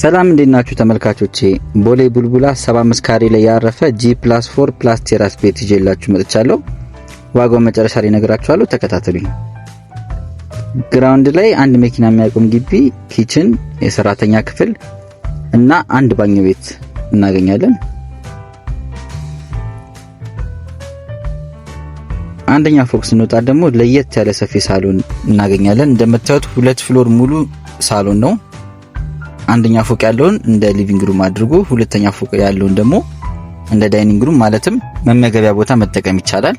ሰላም እንዴት ናችሁ ተመልካቾቼ? ቦሌ ቡልቡላ 75 ካሬ ላይ ያረፈ G+4 ፕላስ ቴራስ ቤት ይዤላችሁ መጥቻለሁ። ዋጋው መጨረሻ ላይ ነግራችኋለሁ። ተከታተሉኝ። ግራውንድ ላይ አንድ መኪና የሚያቆም ግቢ፣ ኪችን፣ የሰራተኛ ክፍል እና አንድ ባኞ ቤት እናገኛለን። አንደኛ ፎቅ ስንወጣ ደግሞ ለየት ያለ ሰፊ ሳሎን እናገኛለን። እንደምታዩት ሁለት ፍሎር ሙሉ ሳሎን ነው። አንደኛ ፎቅ ያለውን እንደ ሊቪንግ ሩም አድርጎ ሁለተኛ ፎቅ ያለውን ደግሞ እንደ ዳይኒንግ ሩም ማለትም መመገቢያ ቦታ መጠቀም ይቻላል።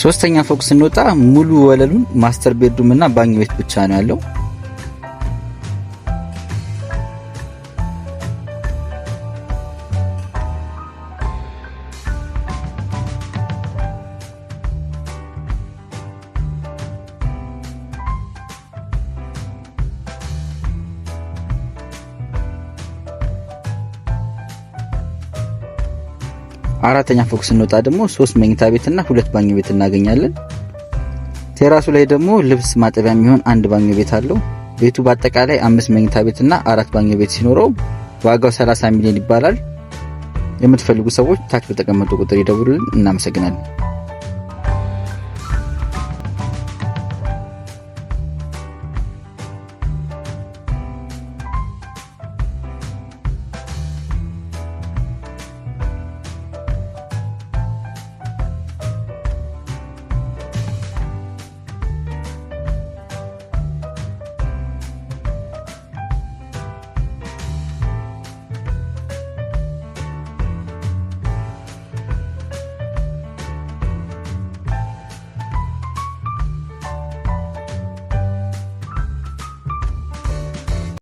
ሶስተኛ ፎቅ ስንወጣ ሙሉ ወለሉን ማስተር ቤድሩም እና ባኝ ቤት ብቻ ነው ያለው። አራተኛ ፎቅ ስንወጣ ደግሞ ሶስት መኝታ ቤትና ሁለት ባኞ ቤት እናገኛለን። ቴራሱ ላይ ደግሞ ልብስ ማጠቢያ የሚሆን አንድ ባኞ ቤት አለው። ቤቱ በአጠቃላይ አምስት መኝታ ቤትና አራት ባኞ ቤት ሲኖረው ዋጋው 30 ሚሊዮን ይባላል። የምትፈልጉ ሰዎች ታች በተቀመጡ ቁጥር ይደውሉልን። እናመሰግናለን።